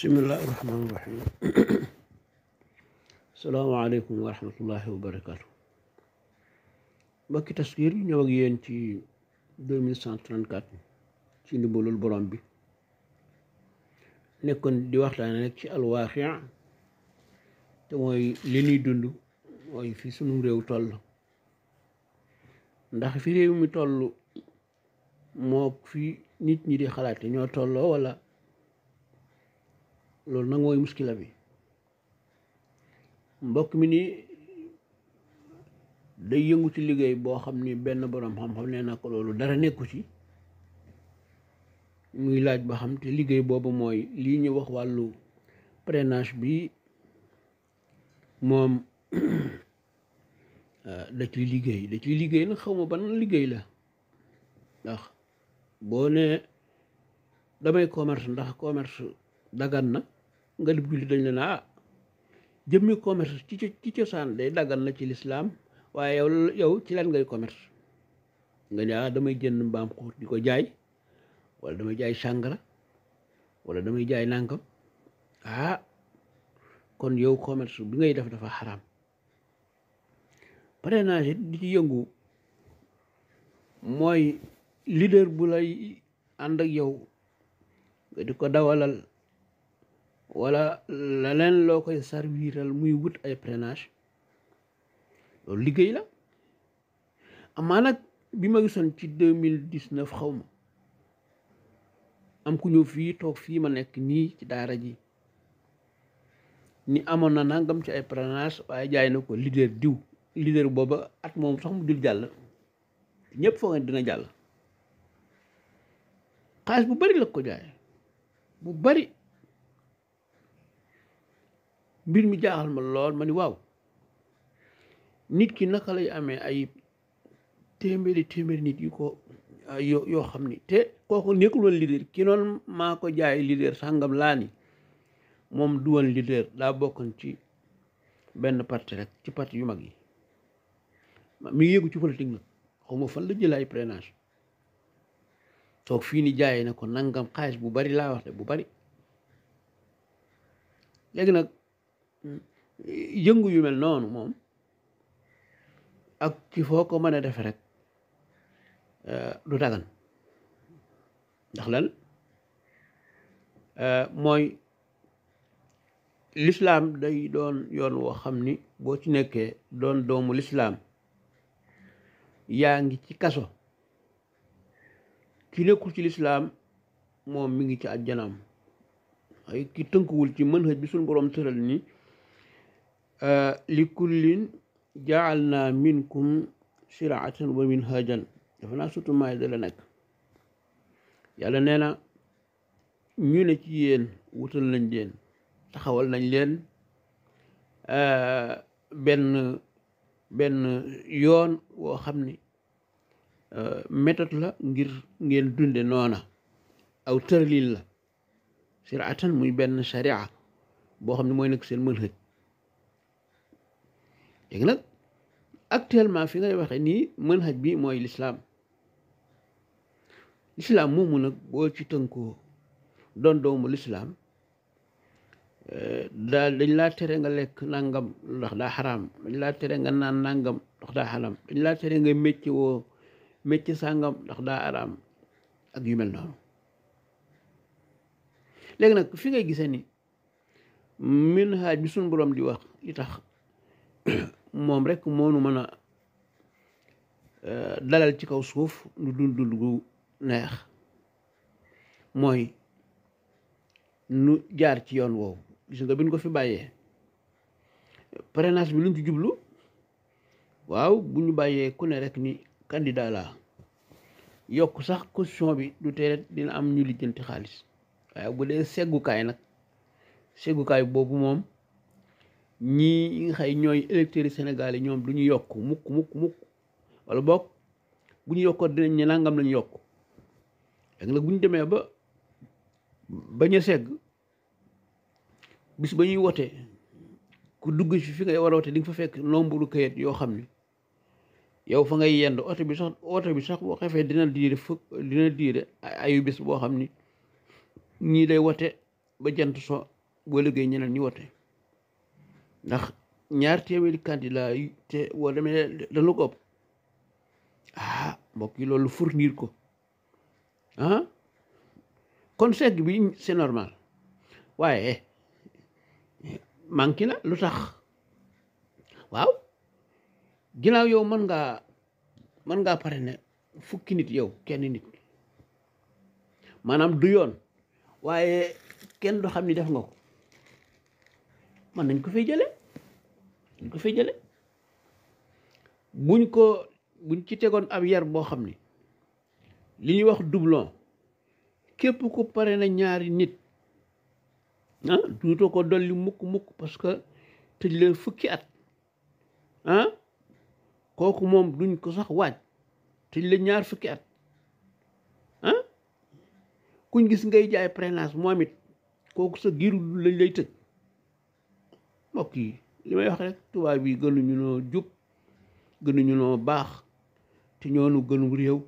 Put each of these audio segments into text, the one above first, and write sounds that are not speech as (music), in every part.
بسم الله الرحمن الرحيم السلام عليكم ورحمة الله وبركاته mbokki taskiir yi ñëw ak yéen ci 2134 ci ndimbalul borom bi nekkoon di waxtaane rek ci alwaaqia te mooy li ñuy dund mooy fi sunu réew toll ndax fi réew mi toll moo fi nit ñi di xalaate ñoo tolloo wala loolu nag mooy muskila bi mbokk mi ni day yëngu liggéey boo xam ni benn borom xam-xam nee na ko loolu dara nekku ci muy laaj ba xam te liggéey boobu mooy lii ñu wax wàllu parrainage bi moom (clears throat) ah, da ciy liggéey da ciy liggéey nag xaw ma ban liggéey la ndax boo nee damay commerce ndax commerce dagan na nga dib julli dañ la ne ah commerce ci ci cosaan day daggal na ci lislaam waaye yow ci lan ngay commerce nga ne ah damay jënd mbaam xuur di ko jaay wala damay jaay sàngara wala damay jaay nànkam ah kon yow commerce bi ngay def dafa xaraam parrainage di ci yëngu mooy lider bu lay ànd ak yow nga di ko dawalal wala leneen loo koy serviral muy wut ay parrainage loolu liggéey la amaa nag bi ma gisoon ci deux mille dix xaw ma am ku ñëw fii toog fii ma nekk nii ci daara ji ni amoon na nangam ci ay parrainage waaye jaay na ko leader diw leader booba at moom sax mu dul jàll ñëpp foog dina jàll xaalis bu bari la ko jaay bu bari mbir mi jaaxal ma lool ma ni waaw nit ki naka lay amee ay téeméeri téeméeri nit yu ko yo xam ni te kooku nekkul woon leader ki noon maa ko jaay leader sàngam laa ni moom du woon leader daa bokkoon ci benn parti rek ci parti yu mag yi mi ngi yëgu ci politique nag xaw ma fan la jël ay prénage toog fii ni jaayee na ko nangam xaalis bu bari laa wax de bu bari nag yëngu yu mel noonu moom ak ci foo ko mën a defe rek euh, du dagan ndax lan euh, mooy lislaam day doon yoon woo xam ni boo ci nekkee doon doomu lislaam yaa ngi ci kaso ki nekkul ci lislaam moom mu ngi ci àjjanaam ay ki tënkuwul ci mën xëj bi suñ boroom tëral ni li kullin jaal naa minkum shiraatan wa minhajan dafa naa surtout maay da la nekk yàlla nee na ñu ne ci yéen wutal nañ leen taxawal nañ leen benn benn yoon woo xam ni méthode la ngir ngeen dunde noona aw tëralin la siraatan muy benn sharia boo xam ne mooy nekk seen mën xëj léegi nag actuellement fi ngay waxee nii manhaj bi mooy lislaam lislaam moomu nag boo ci tënkoo doon doomu lislaam eh, daal dañ laa tere nga lekk nangam ndax daa xaraam dañ laa tere nga naan nangam ndax daa xaraam dañ laa tere nga mécc woo sàngam ndax daa xaraam ak yu mel noonu léegi nag fi ngay gisee ni manhaj bi suñ di wax li tax moom rek moo nu mën a euh, dalal ci kaw suuf nu dund gu neex mooy nu jaar ci yoon woowu gis nga bi ko fi bàyyee parrainage bi lu ci jublu waaw bu ñu bàyyee ku ne rek ni candidat laa yokk sax caution bi du tee dina am ñu lijjanti xaalis waaye bu dee seggukaay nag seggukaay boobu moom ñii nga xay ñooy électeurs senegal yi ñoom du ñu yokk mukk muk mukk wala boog bu ñu yokkoon dinañ ne nangam lañu yokk ak nag bu ñu demee ba bañ a segg bis ba ñuy wote ku dugg ci fi ngay war a wote di fa fekk nombre kayit yoo xam ne yow fa ngay yend oto bi sax oto bi sax boo xefee dina diire fukk dina diire ayu bis boo xam ni ñii day wote ba jant so boo liggéey ñeneen ñu wote ndax ñaar téeméeri candidat yi te woo demee dana ko ëpp ah mbokk yi fur fournir ko ah kon segg bi c'est normal waaye manqué na lu tax waaw gilaaw yow mën ngaa mën ngaa pare ne fukki nit yow kenn nit maanaam du yoon waaye kenn du xam ni def nga ko man nañ ko fay jële nañ ko fay jële buñ ko buñ ci tegoon ab yar boo xam ni li ñuy wax doublon képp ku pare na ñaari nit ah duutoo ko dolli mukk mukk parce que tëj la fukki at ah kooku moom duñ ko sax waaj tëj la ñaar fukki at ah kuñ gis ngay jaay prénance moom it kooku sax giiru lañ lay tëj mbokk yi li may wax rek tubaab yi gënuñu noo jub gënuñu noo baax te ñoonu gënu réew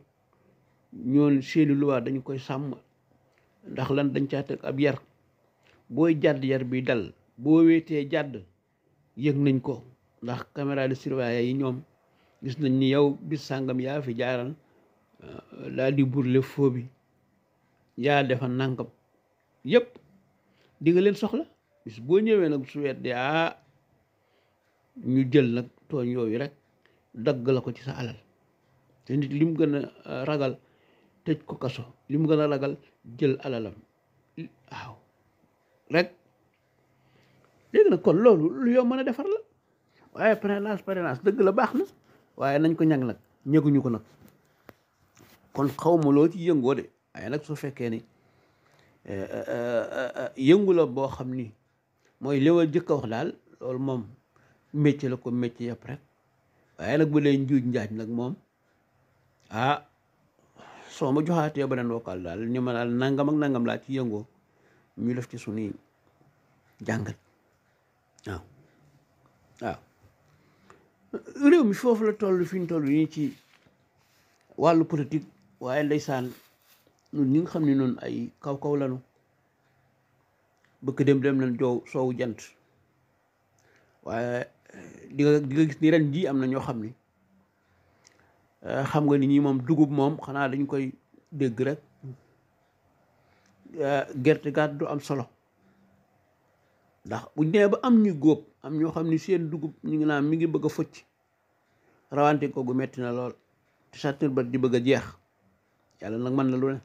ñoon seeni luwaa dañu koy sàmm ndax lan dañ caa teg ab yar booy jàdd yar bi dal boo wéetee jàdd yëg nañ ko ndax caméra de yi ñoom gis nañ ni yow bis sàngam yaa fi jaaral euh, daal di burle foo bi yaa defa nànkam yépp di leen soxla bis boo ñëwee nag su weddee ah ñu jël nag tooñ yooyu rek dagg la ko ci sa alal te nit li mu gën a ah, ragal tëj ko kaso li mu gën a ragal jël alalam waaw rek léegi nag kon loolu lu yow mën a defar la waaye parrainage parrainage dëgg la baax na waaye nañ ko ñag nag ñeguñu ko nag kon xaw ma loo ci yëngoo de waaye nag su fekkee ni eh, eh, eh, yëngu la boo xam ni mooy léwal jëkk a wax daal loolu moom métier la ko métier yëpp rek waaye nag bu dee njuuj njaaj nag moom ah soo ma joxaatee beneen vocal daal ni ma daal nangam ak nangam laa ci yëngoo ñu def ci suñuy jàngat waaw waaw réew mi foofu la toll fi ñu toll nii ci wàllu politique waaye ndeysaan ñun ñi nga xam ne noonu ay kaw-kaw lanu bëkk dem dem na joow soowu jant waaye di nga di nga gis ni ren ji am na ñoo xam ni eh, xam nga ni ñii moom dugub moom xanaa dañ koy dégg rek eh, gerte gaat du am solo ndax bu nee ba am ñu góob am ñoo xam ni seen dugub ñu ngi naan mi ngi bëgg a fëcc rawante ko gu metti na lool te satnir ba di bëgg a jeex yàlla nag mën na lu ne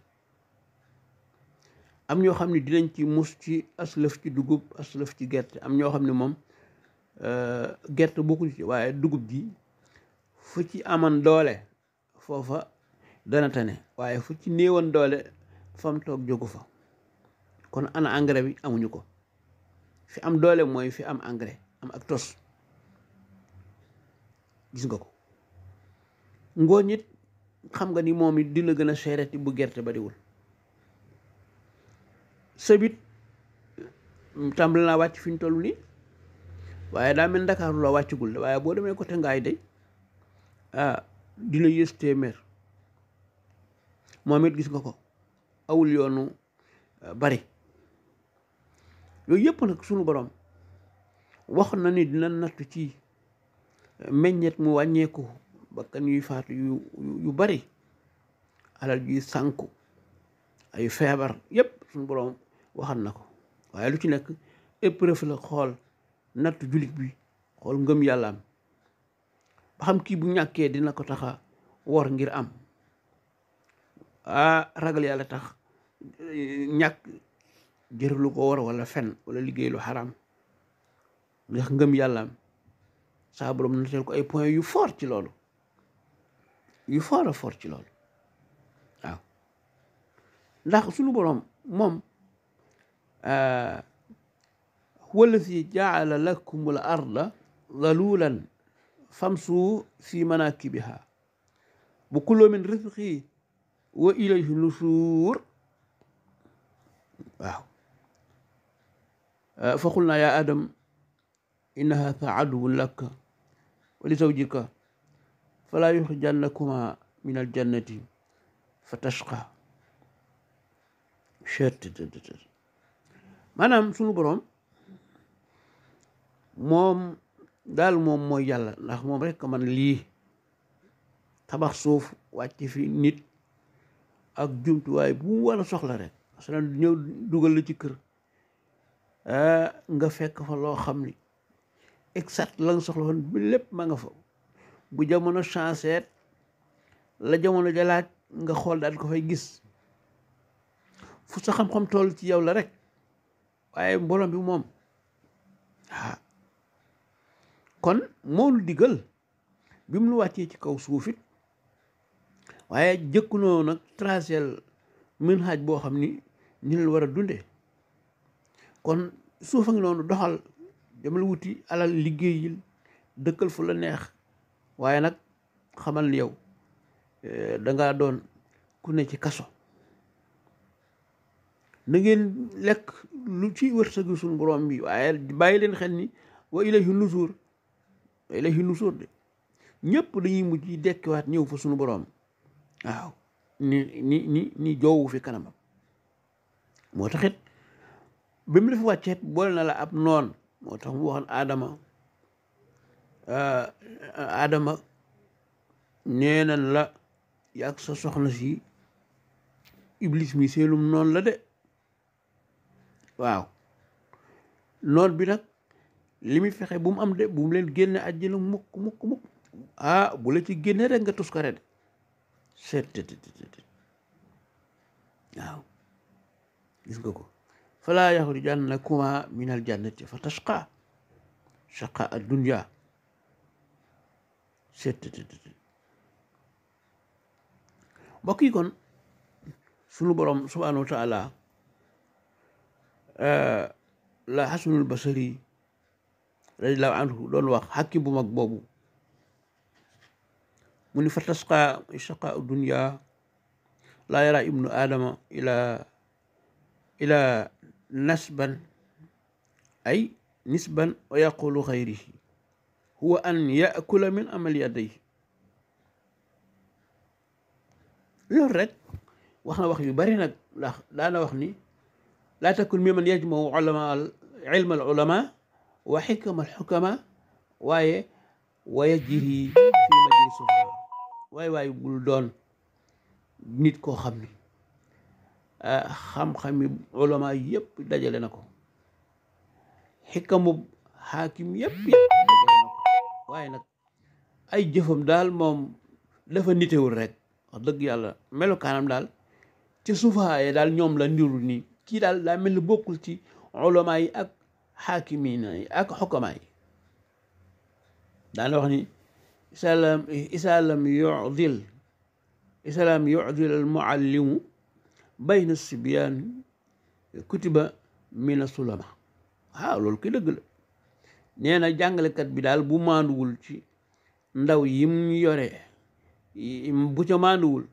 am ñoo xam ne dinañ ci mus ci aslëf ci dugub aslëf ci gerte am ñoo xam ne moom euh, gerte bokkul ci waaye dugub ji fu ci aman doole foofa dana tane waaye fu ci néewan doole fam toog jógu fa kon ana engrais bi amuñu ko fi am doole mooy fi am engrais am ak tos gis nga ko ngooñ it xam nga ni moom it dina gën a seereti bu gerte ba diwul sëbit mm, tàmbali naa wàcc fi toll nii waaye daa mel ndakaaru la wàccagul waaye boo demee côté ngaay day ah dina yées téeméer moom it gis nga ko awul yoonu ah, bari yooyu yëpp nag sunu borom wax na ni dina nattu ci ah, meññet mu wàññeeku bakkan yuy faatu yu bari alal yuy sànku ay feebar yëpp sunu borom waxal na ko waaye lu ci nekk épreuve la xool nattu jullit bi xool ngëm yàllaam ba xam kii bu ñàkkee dina ko taxa wor ngir am a ah, ragal yàlla tax eh, ñàkk jërlu ko war wala fen wala liggéey lu xaraam ngëm yàllaam saa borom nateel ko ay point yu fort ci loolu yu fort a fort ci loolu ndax suñu borom moom هو الذي جعل لكم الأرض ذلولا فامشوا في مناكبها وكلوا من رزقه وإليه النشور waaw فقلنا يا آدم إن هذا عدو لك ولزوجك فلا يخرجنكما من الجنة فتشقى maanaam sunu boroom moom daal moom mooy yàlla ndax moom rek man lii tabax suuf wàcc fi nit ak jumtuwaay bu mu war a soxla rek parce que ñëw dugal la ci kër ah, nga fekk fa loo xam ni exact la nga soxla woon bi lépp ma nga fa bu jamono changé la jamono jalaaj nga xool daal ko fay gis fu sa xam-xam toll ci yow la rek waaye mbooloom bi moom ah kon moo lu digal bi mu lu wàccee ci kaw suuf it waaye jëkkunoo nag tracel min xaaj boo xam ni ni la war a dunde kon suuf a ngi noonu doxal demal wuti alal liggéeyil dëkkal fu la neex waaye nag xamal ni yow eh, da nga doon ku ne ci kaso na ngeen lekk lu ci wërsëgu suñu borom bi waaye bàyyi leen xel ni wa ilayhi nusur wa ilayhi nusur de ñëpp dañuy mujj dekkiwaat ñëw fa suñu borom waaw ni ni ni joowu fi kanamam moo taxit ba mu def wàcceet boole na la ab noon moo tax mu waxoon aadama aadama euh, nee nan la yàgg sa soxna si iblis mi seenum noonu la de waaw noon bi nag li muy fexe bu mu am de bu mu leen génne àjjana mukk mukk mukk ah bu la ci génne rek nga tus ko ren seet waaw gis nga ko falaa yaxrijannakumaa minal jannati fa tashqaa shaqaa ad-dunya seet mbokk yi kon sunu borom subhaanahu wa Euh, la xasanul basari radiallahu anhu doon wax xakki bu mag boobu mu ni fa tasqa ishaqa dunya laa yara ibnu aadama ila ila nasban ay nisban wa yaqulu xayrihi huwa an yakula min amali yadayhi loolu rek wax na wax yu bari nag ndax daana wax ni laa takun mi man yajmau ulama ilma al ulama wa xikama al xukama waaye waya jiri fi ma waaye waaye bul doon nit koo xam ni xam-xami ulama yépp dajale na ko xikamu xaakim yépp dajale na ko nag ay jëfam daal moom dafa nitewul rek wax dëgg yàlla melokaanam daal ci sufaayee daal ñoom la ndirul nii kii daal daa mel ni bokkul ci ulama yi ak xaakimina yi ak xukama yi daan la wax ni isalam isalam yudil isalam yudil al muallimu bayna sibyan kutiba mina sulama waaw loolu ki dëgg la nee na bi daal bu maanduwul ci ndaw yim yore bu ca maanduwul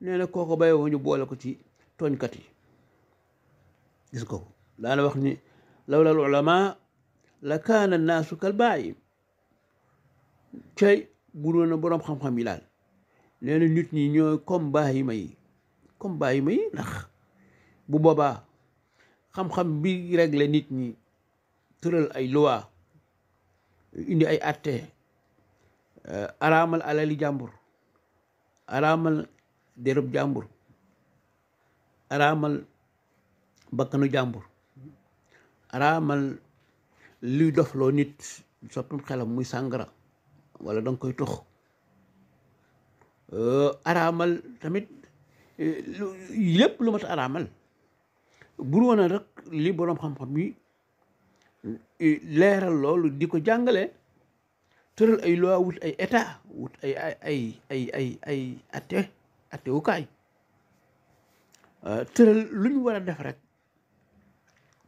nee na kooko béyoo ñu boole ko ci tooñkat yi gis ko daana wax ni lawla al ulama la kaana naasu kal baayi cay budoon na boroom xam-xam yi daal nee nit ñi ñooy comme bàyyi may yi comme bàyyi ma ndax bu boobaa xam-xam bi réglé nit ñi tëral ay loi indi ay atte euh, araamal alali jàmbur araamal derëb jàmbur araamal bakkanu jàmbur araamal luy dofloo nit soppum xelam muy sàngara wala danga koy tox euh, araamal tamit euh, lépp lu mat araamal bur rek li boroom xam-xam yi euh, leeral loolu di ko jàngale tëral ay loi wut ay état wut ay ay ay ay ay atte attewukaay tëral lu ñu war a def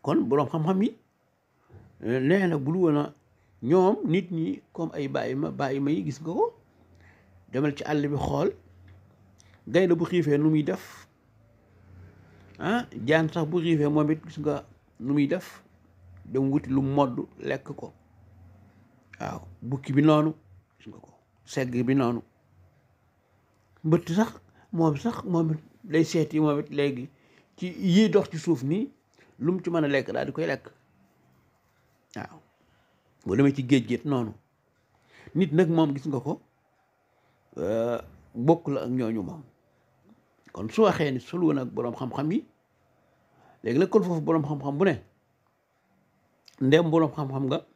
kon boroom xam-xam yi eh, nee na bul woon ñoom nit ñi comme ay bàyyi ma bàyyi ma yi gis nga ko demal ci àll bi xool gaynde bu xiifee nu muy def ah jaan sax bu xiifee moom it nga nu muy def dem lekk ko waaw bukki bi noonu gis nga ko segg bi noonu mbëtt sax moom sax moom it day seeti moom it léegi ci yii dox ci suuf nii lu mu ci mën a lekk daal di koy lekk waaw boo ci géej géet noonu nit nag moom gis nga ko euh, bokk la ak ñooñu moom kon soo waxee ni sulu nag boroom xam-xam yi léegi nag kon foofu boroom xam-xam bu ne ndem boroom xam-xam nga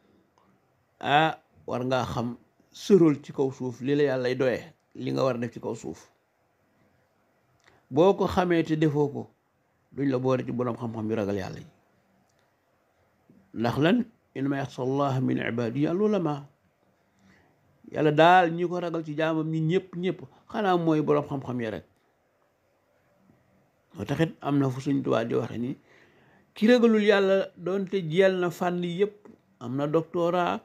ah war ngaa xam sërol ci kaw suuf li la yàlla lay doyee li nga war a def ci kaw suuf boo ko xamee te defoo ko duñ la boole ci boroom xam-xam yu ragal yàlla yi ndax lan innama yaxsa allah min ibadihi al yàlla daal ñi ko ragal ci jaamam ñi ñëpp ñëpp xanaa mooy boroom xam-xam ya rek moo taxit am na fu suñ Tuubaa di waxe ni ki ragalul yàlla doonte jeel na fànn yëpp am na doctorat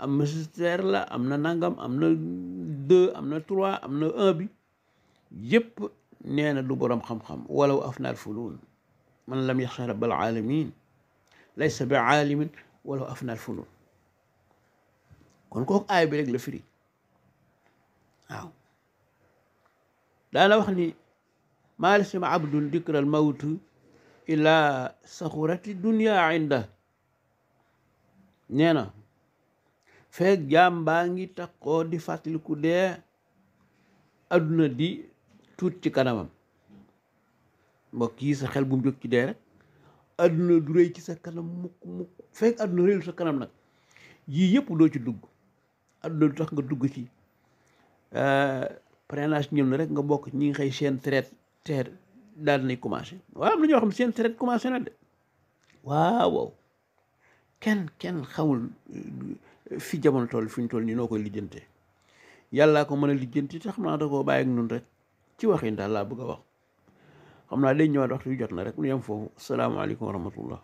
am magistère la am na nangam am na deux am na trois am na un bi yëpp nee na du boroom xam-xam walaw afnaal funun man lam yaxsha rabbal alamin laysa bi aalimin walaw afnaal funun kon kooku aay bi rek la firi waaw daana wax ni maa lasima abdun dikral mawtu ila saxurati dunia inda nee na feeg jaam baa ngi takkoo di fàttaliku dee adduna di tuut ci kanamam mbokk yi sa xel bu mu jóg ci dee rek àdduna du rëy ci sa kanam mukk mukk fekk àdduna rëyul sa kanam nag yii yëpp doo ci dugg àdduna du tax nga dugg ci parrainage ñëw na rek nga bokk ñi nga xëy seen traite teer daal nay commencé waaw am na ñoo xam seen traite commencé na de waaw kenn kenn xamul euh, fi jamono toll fi ñu toll nii noo koy lijjante yàllaa ko mën a lijjanti tax naa da koo bàyyi ak nun rek ci waxin daal laa bëgg a wax xam naa le day ñëwaat waxtu yu jot na rek lu yem foofu salaamaaleykum wa rahmatullah